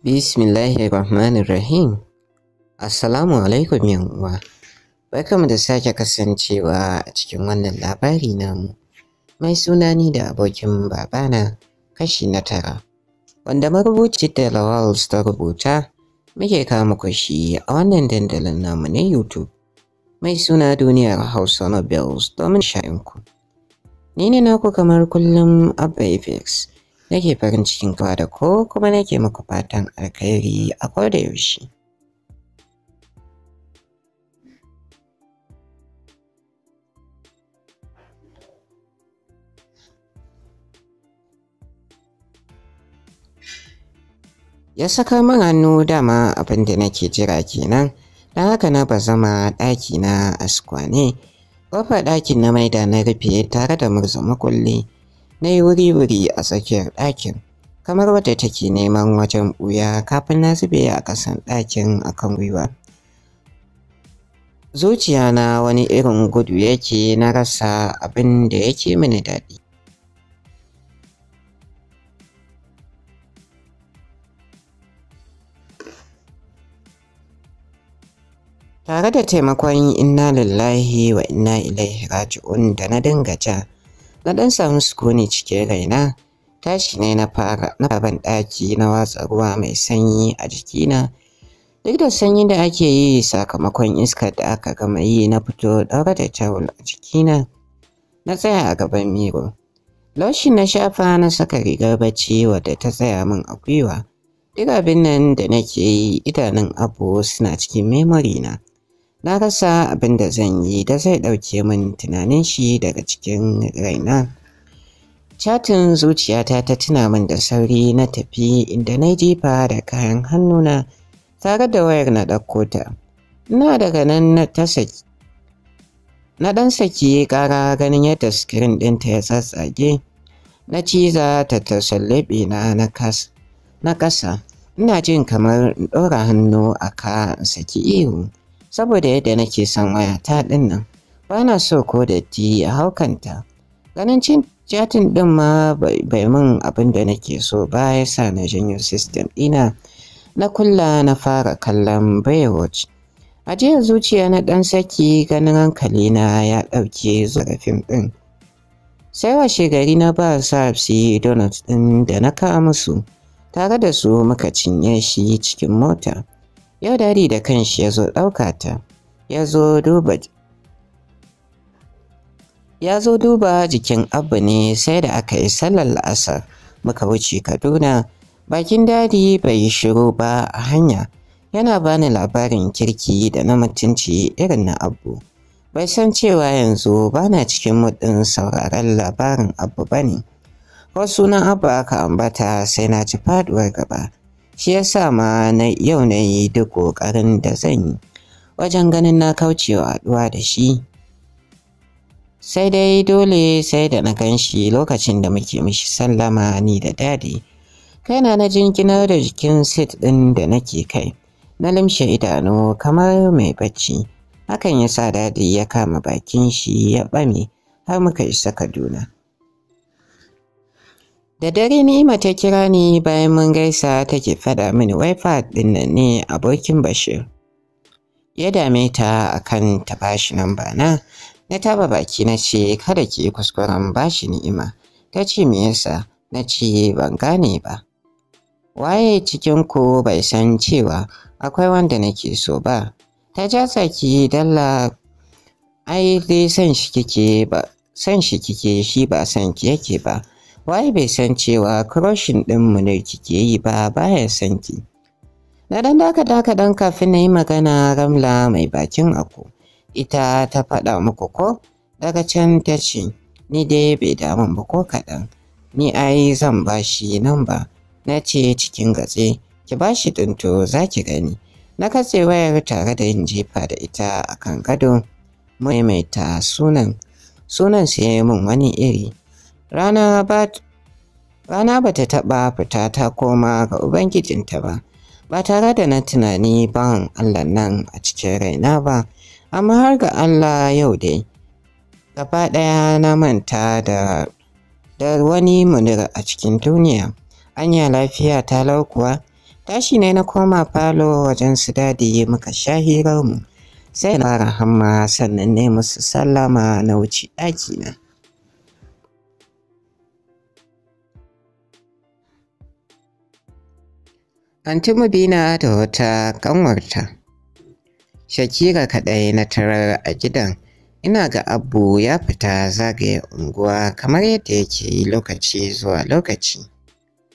Bismillahirrahmanirrahim. Assalamu alaikum uwa. mu da sake kasancewa a cikin wannan labari namu. Mai suna ni da abokin babana kashi na tara. Wanda marubuci da Lawal ta rubuta muke kama kashi a wannan dandalin namu na YouTube. Mai suna duniyar Hausa Nobels domin sha'inku. Ni ne naku kamar kullum Abba nake farin cikin kawa da ko kuma nake muku fatan alkhairi a koda yaushe. ya saka min hannu dama abinda da nake jira kenan don haka na ba zama ɗaki na askwane ƙofar ɗakin na maida na rufe tare da murza makulli na yi wuri-wuri a tsakiyar ɗakin kamar wadda take neman wajen ɓuya kafin na zube a ƙasan ɗakin akan gwiwa zuciya na wani irin gudu yake na rasa abin da yake mini daɗi tare da taimakon inna lillahi wa inna ilaihi raji'un da na dinga ja na ɗan samu sukuni cike raina tashi ne na fara na baban daki na watsa ruwa mai sanyi a jikina duk da sanyi da ake yi sakamakon iskar da aka gama yi na fito daura da tawul a jikina na tsaya a gaban miro Laushi na shafa na saka rigar bacci wadda ta tsaya min a gwiwa. Duk abin nan da nake yi idanun abu suna cikin memory na. na rasa abin da zan yi da zai ɗauke min tunanin shi daga cikin raina chatin zuciyata ta tuna min da sauri na tafi inda na jifa da kayan hannuna tare da wayar na ɗauko ta ina daga nan na ta saki na ɗan saki ƙara ganin yadda ɗin ɗinta ya tsatsage na ciza ta tasallabe na na ƙasa ina jin kamar ɗora hannu a ka saki ihu saboda yadda nake son wayata ɗin nan ba na so ko da ti a haukanta ganin cin chatin ɗin ma bai mun abin da nake so ba ya sa na janyo system ɗina na kulla na fara kallon baywatch a jiya zuciya na ɗan saki ganin hankali na ya ɗauke zurafin ɗin sai wa gari na ba su donut ɗin da na kama su, tare da su muka cinye shi cikin mota Yau dadi da kanshi ya zo ɗauka ta, ya zo duba jikin abu ne sai da aka yi sallar la'asar muka wuce kaduna bakin dadi bai yi shiru ba a hanya yana bani labarin kirki da na mutunci irin na abu bai san cewa yanzu ba na cikin mudin sauraren labarin abu ba ne wasu na abu aka ambata sai na ci faduwar gaba shi yasa ma na yau na yi duk ƙoƙarin da zan yi wajen ganin na kaucewa haɗuwa da shi sai dai dole sai da na gan shi lokacin da muke mishi sallama ni da dadi kaina na jinkina da jikin sit ɗin da nake kai na limshe idanu kamar mai bacci hakan ya sa dadi ya kama bakin shi ya ɓame har muka isa kaduna Da dare Ni'ima ta kira ni bayan mun gaisa take faɗa mini wai ɗin ne abokin Bashir. Ya dame ta akan ta bashi nan bana, na taba baki na ce kada ki kuskuren bashi Ni'ima. Ta ce me yasa? Na ce ban gane ba. Waye cikin ku bai san cewa akwai wanda nake so ba. Ta ja tsaki dalla ai dai san shi kike ba san shi kike shi ba san ki yake ba. wai bai san cewa kroshin ɗinmu ne kike yi ba baya san ki. Na dan daka daka dan kafin na yi magana ramla mai bakin ako. Ita ta faɗa muku ko? Daga can ta ce, ni dai bai damun ba ko kaɗan. Ni ai zan bashi nan ba. Na ce cikin gatse, ki bashi ɗinto za ki gani. Na katse wayar tare da yin jefa da ita a kan gado. Maimaita sunan, sunan sai mun wani iri. Rana ba ta taɓa fita ta koma ga Ubangijinta ba, ba tare da na tunani ban Allah nan a cikin raina ba, amma har ga Allah yau dai. Gaba ɗaya na manta da da wani munir a cikin duniya. Anya lafiya ta lau kuwa, tashi ne na koma falo wajen su dadi muka sha mu Sai na fara hamma sannan ne musu sallama na wuce ɗakina. Anti Mubina da wata ƙanwarta. Shakira kaɗai na tarar a gidan ina ga Abu ya fita zagaye unguwa kamar yadda yake yi lokaci zuwa lokaci.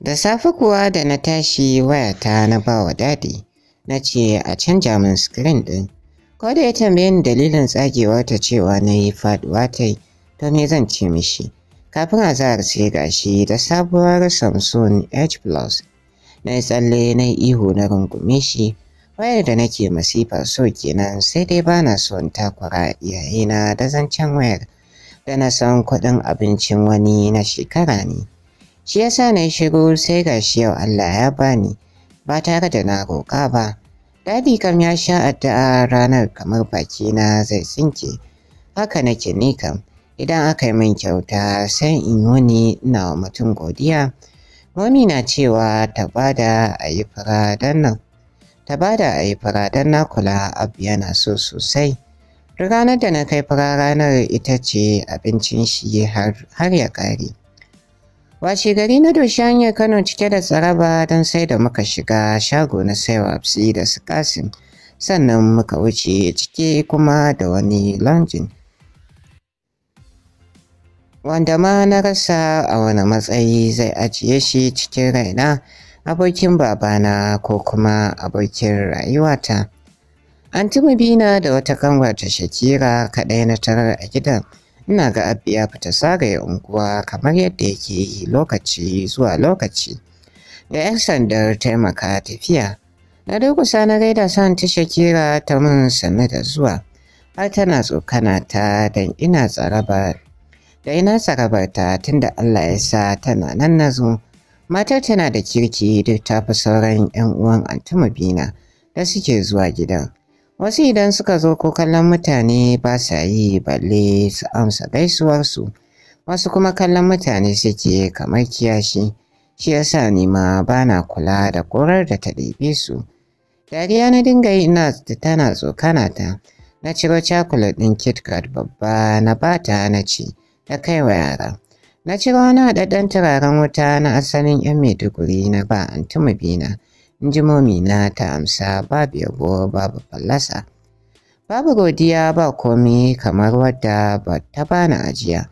Da safe kuwa da na tashi wayata na ba wa dadi na ce a canja min screen ɗin. Ko da ya tambaye dalilin tsagewa ta cewa na yi faɗuwa ta yi to me zan ce mishi. Kafin a zahar sai gashi da sabuwar Samsung H Plus na yi tsalle na yi ihu na rungume shi wayar da nake masifa so kenan sai dai ba na son takura iyayena da zancen wayar da na san kuɗin abincin wani na shekara ne shi yasa na yi shiru sai ga shi yau Allah ya bani ba tare da na roƙa ba dadi kam ya sha addu'a ranar kamar baki na zai tsinke haka nake ni kam idan aka yi min kyauta sai in wani ina wa mutum godiya Momi na cewa ta bada a yi fara don nan. Ta bada a yi fara don na kula abu yana so sosai. Ranar da na kai fara ranar ita ce abincin shi har ya ƙare. Washe gari na doshi hanyar Kano cike da tsaraba don sai da muka shiga shago na saiwa da su sannan muka wuce cike kuma da wani lanjin wanda ma na rasa a wani matsayi zai ajiye shi cikin raina abokin babana ko kuma abokin rayuwata. Antuma bina da wata kanwarta Shakira kaɗai na tarar a gidan ina ga abu ya fita sagaye unguwa kamar yadda yake yi lokaci zuwa lokaci. Da 'yan sandar taimaka tafiya, na durkusa na gaida san ta Shakira ta mun sannu da zuwa, har tana tsokana ta don ina tsaraba da ina sarabarta tunda Allah ya sa tana nan na zo. Matar tana da kirki duk ta fi sauran 'yan uwan Antuma Bina da suke zuwa gidan. Wasu idan suka zo ko kallon mutane ba sa yi balle su amsa gaisuwarsu. Wasu kuma kallon mutane suke kamar kiyashi. Shi ya ni ma ba na kula da korar da ta ɗebe su. Dariya na dinga yi ina tana tsokana ta. Na ciro cakulat ɗin KitKat babba na bata na ce. ta kai wa yara. Na ciro wani haɗaɗɗen turaren wuta na asalin 'yan Maiduguri na ba Antuma Bina, injimomi na ta amsa babu yabo babu fallasa. Babu godiya ba komi kamar wadda ba ta bani ajiya.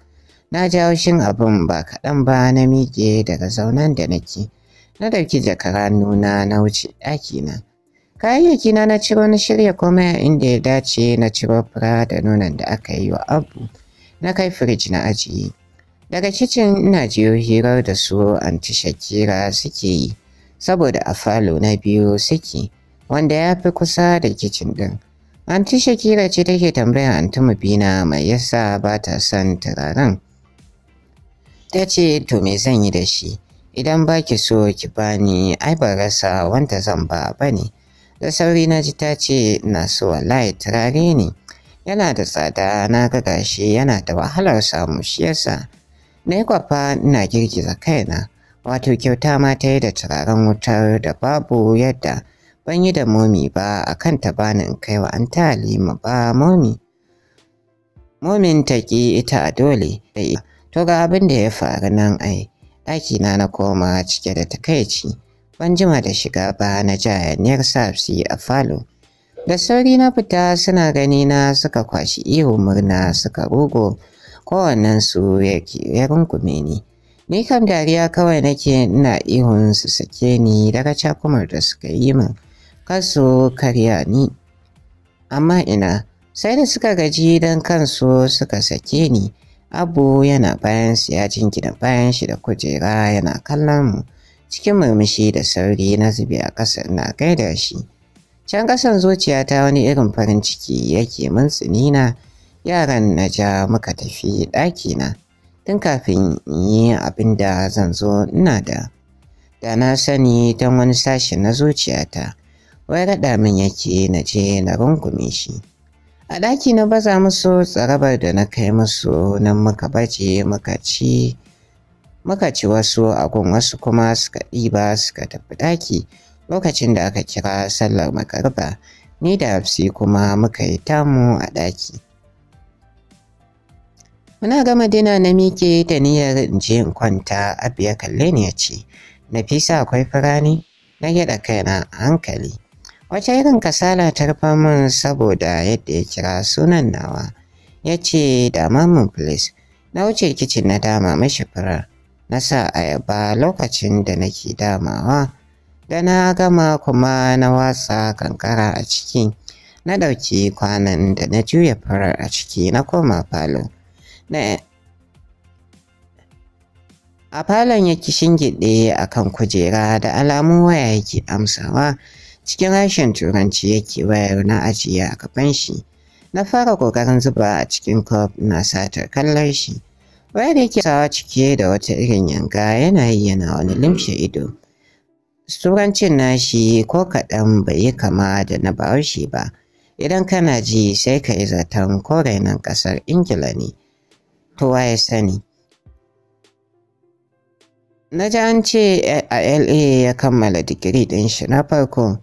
Na ji haushin abin ba kaɗan ba na miƙe daga zaunan da nake. Na ɗauki jakara nuna na wuce ɗakina. Kayayyakina na ciro na shirya komai inda ya dace na ciro fura da nonon da aka yi wa abu. na kai firij na ajiye daga kicin ina jiyo hirar da su anti shakira suke yi saboda a falo na biyu suke wanda ya fi kusa da kicin ɗin anti shakira ce take tambayar anti mubina mai yasa ba ta son turaren ta ce to me zan yi da shi idan ba ki so ki bani ai ba rasa wanda zan ba bane da sauri na ji ta ce na so wallahi turare ne yana da tsada na ga gashi yana da wahalar samu shi yasa na yi kwafa ina girgiza kaina wato kyauta ma ta yi da turaren wutar da babu yadda ban yi da momi ba a kan ta bani in kai wa an ta halima ba momi momin ta ki ita a dole to ga abin da ya faru nan ai ɗakina na koma cike da takaici ban jima da shiga ba na jayaniyar sabsi a falo da sauri na fita suna gani na suka kwashi ihu murna suka rogo kowannensu ya rungume ni ni kam dariya kawai nake ina ihun su sake ni daga cakumar da suka yi min kansu karya ni amma ina sai da suka gaji don kansu suka sake ni abu yana bayan su ya jingina bayan shi da kujera yana kallon mu cikin murmushi da sauri na zube a ƙasa ina gaida shi Can kasan zuciyata wani irin farin ciki yake min tsinina yaran na ja muka tafi ɗakina tun kafin in yi abin da zan zo ina da. Da na sani don wani sashi na zuciyata, wai raɗa min yake na je na rungume shi. A ɗaki na baza musu tsarabar da na kai musu nan muka baje muka ci muka ci wasu agun wasu kuma suka ɗiba suka tafi ɗaki lokacin da aka kira sallar makarba ni da hafsi kuma muka yi tamu a ɗaki muna gama dina na miƙe da niyyar in je in kwanta abu ya kalle ni ya ce nafisa akwai firani na gyaɗa kaina a hankali wace irin kasala ta rufa min saboda yadda ya kira sunan nawa ya ce dama mun please na wuce kicin na dama mashi fura na sa ayaba lokacin da nake damawa da na gama kuma na wasa kankara a ciki na ɗauki kwanan da na juya farar a ciki na koma falo a falon ya shingiɗe a kan kujera da alamu waya yake amsawa cikin rashin turanci yake wayar na ajiya a kafan shi na fara ƙoƙarin zuba a cikin kof na satar kallon shi wayar yake sawa cike da wata irin yanga yana yi yana wani limshe ido surancin nashi ko kaɗan bai yi kama da na bahaushe ba idan kana ji sai ka yi zaton korainan ƙasar ingila ne to ya sani na ji an ce a la ya kammala digiri ɗin shi na farko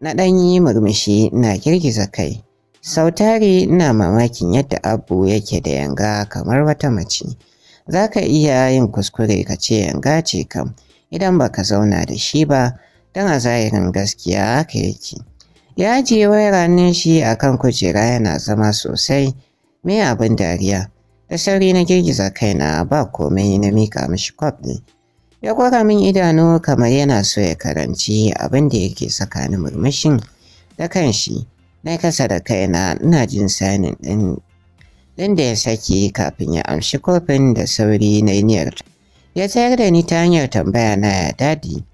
na ɗan yi murmushi na girgiza kai sautari na mamakin yadda abu yake da yanga kamar wata mace za ka iya yin kuskure ka ce yanga ce kam idan baka zauna da shi ba don a zahirin gaskiya haka yake. Ya ajiye wayar ranar shi a kan kujera yana zama sosai, me abin dariya, da sauri na girgiza kaina ba komai na mika mishi kwaf ne. Ya kwara min idanu kamar yana so ya karanci abin da yake ni murmushin da shi na kasa da kaina ina jin sanin ɗin da ya saki kafin ya amshi kofin da sauri na niyyar ya tsayar da ni ta hanyar tambaya na ya dadi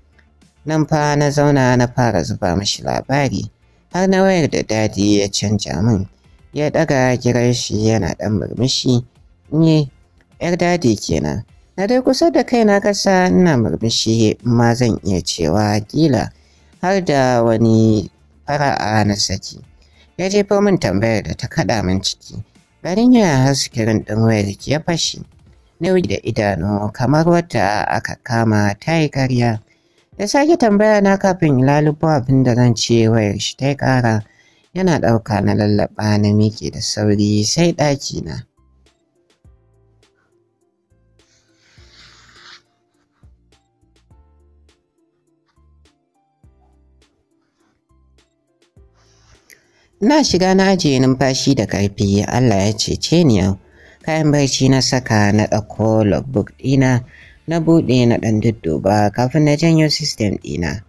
nan fa na zauna na fara zuba mashi labari har na wayar da dadi ya canja min ya daga kiran shi yana dan murmushi ne yar dadi kenan na dai kusa da kai na kasa ina murmushi ma zan iya cewa kila har da wani fara'a na saki ya jefo min tambayar da ta kada min ciki garin ya haskirin ɗin wayar ki, ya fashe. nauyi da idanu kamar wata aka kama ta yi karya. da sake tambaya na kafin lalubo abin da zan ce wayar shi ta yi ƙara. Yana ɗauka na lallaba na miki da sauri sai ɗaki na. Na shiga na ajiye numfashi da ƙarfi Allah ya cece ni yau. kayan barci na saka na ɗauko logbook ɗina na buɗe na ɗan dudduba kafin na janyo system ɗina.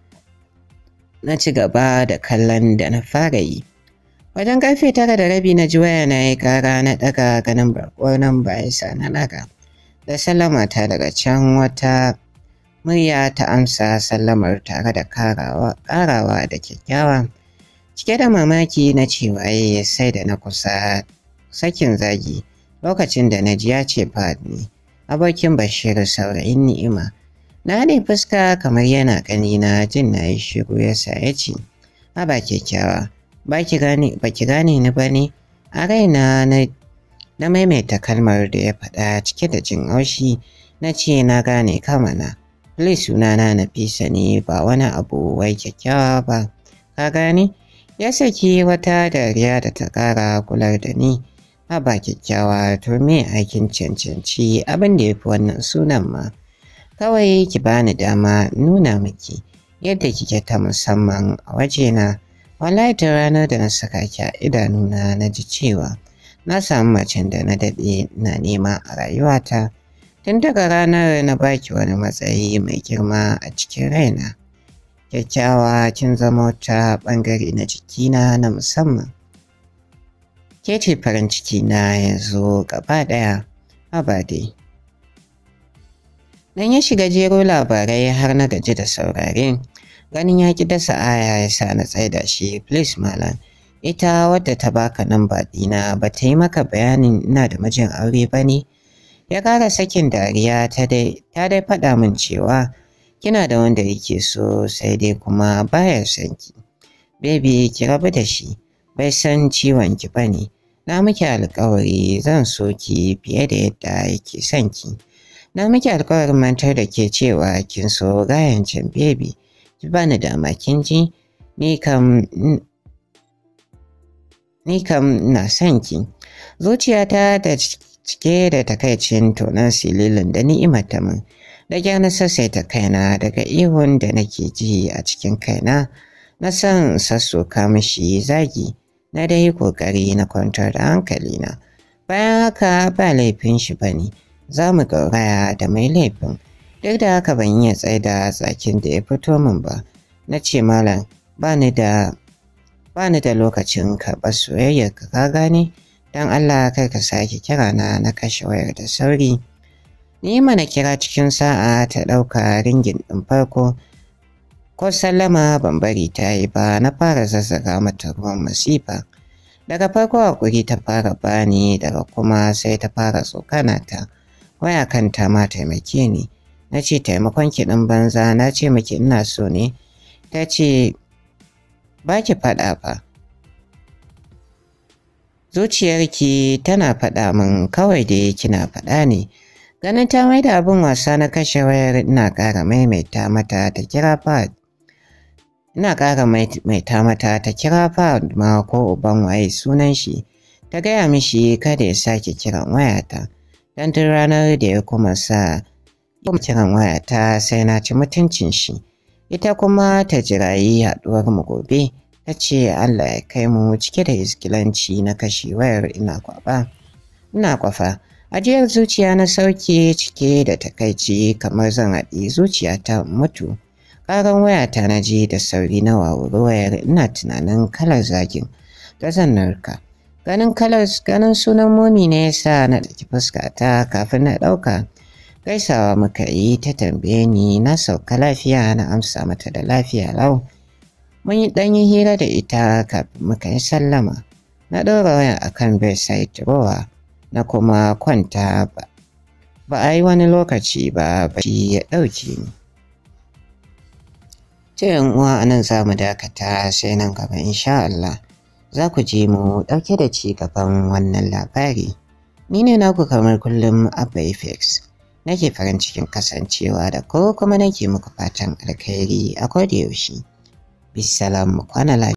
Na ci gaba da kallon da na fara yi. Wajen ƙarfe tara da rabi na ji waya na yi kara na ɗaga ganin barkuwar nan bayasa na ɗaga. Da sallama ta daga can wata murya ta amsa sallamar tare da karawa da kyakkyawa. Cike da mamaki na cewa sai da na kusa sakin zagi. lokacin da na ji ya ce Fahad abokin Bashir saurayin ni'ima. Na ne fuska kamar yana na jin na yi shiru ya sa ya ce, ba kyakkyawa, ba ki gane ni ba ne, a raina na na maimaita kalmar da ya faɗa cike da jin aushi. na ce na gane kamana. Please sunana na fisa ne ba wani abu wai kyakkyawa ba, ka gane? Ya saki wata dariya da ta ƙara kular da ni. a ba kyakkyawa to me aikin cancanci abin da ya fi wannan sunan ma kawai ki bani dama nuna miki yadda kike ta musamman a wajena wallahi ta ranar da na saka ki a idanuna na ji cewa na samu macen da na daɗe na nema a rayuwata tun daga ranar na baki wani matsayi mai girma a cikin raina kyakkyawa kin zama wata bangare na jikina na musamman ke ce farin ciki na yanzu gaba ɗaya abade. Nan ya shiga jero labarai har na gaji da saurare. Ganin ya ki dasa aya ya sa na tsaida shi, please malam. Ita wadda ta baka nan ba ɗina ba ta yi maka bayanin ina da mijin aure ba ne? Ya kara sakin dariya ta dai faɗa min cewa kina da wanda yake so sai dai kuma baya son ki. Baby ki rabu da shi, bai san ciwon ki ba ne. na miki alƙawari zan so ki fiye da yadda yake son ki. Na miki alƙawarin mantar da ke cewa kin so gayan can bebi, ki bani dama kin ji, ni kam ni na son ki. Zuciyata da cike da takaicin tonan sililin da ni'imar ta min, da gyana na sassaita kaina daga ihun da nake ji a cikin kaina, na san sassoka mishi zagi. na dai ƙoƙari na kwantar da hankalina. Bayan haka ba laifin shi ba ne, za mu gauraya da mai laifin. Duk da haka ban iya tsaida tsakin da ya fito min ba, na ce malam ba ni da bani da lokacin karɓar soyayyar ka ka gane don Allah kai ka sake kira na na kashe wayar da sauri. Ni mana kira cikin sa'a ta ɗauka ringin ɗin farko ko sallama ban bari ta yi ba na fara zazzaga mata ruwan masifa daga farko hakuri ta fara bani daga kuma sai ta fara tsokana ta waya kanta ma taimake ni na ce taimakon ki ɗin banza na ce miki ina so ne ta ce ba ki faɗa ba zuciyarki tana faɗa min kawai dai kina faɗa ne ganin ta mai da abin wasa na kashe wayar ina ƙara maimaita mata ta kira fad Ina ƙara maita mata ta kira ma ko uban waye sunan shi, ta gaya mishi kada ya sake kiran wayata, Dan tun ranar da ya kuma sa kuma kiran wayata sai na ci mutuncin shi. Ita kuma ta jirayi haɗuwar mu gobe, ta ce Allah ya kai mu cike da iskilanci na kashe wayar ina kwaba Ina kwafa, ajiyar zuciya na sauke cike da takaici kamar zan haɗi zuciya ta mutu. Ƙaran wayata na ji da sauri na wawuri wayar ina tunanin kalar zagin zan narka. Ganin kalar ganin sunan momi ne ya sa na ɗauki fuskata kafin na ɗauka. Gaisawa muka yi ta tambaye ni na sauka lafiya na amsa mata da lafiya lau. Mun yi ɗanyi hira da ita kafin muka yi sallama. Na ɗora waya a kan bedside rowa na kuma kwanta ba. Ba a yi wani lokaci ba ba shi ya ɗauke ni. To uwa a nan za mu dakata sai nan gaba insha Allah za ku ji mu ɗauke da ci gaban wannan labari. Ni ne naku kamar kullum Abba Fix. Nake farin cikin kasancewa da ko kuma nake muku fatan alkhairi a kodayaushe. Bisalamu kwana lafiya.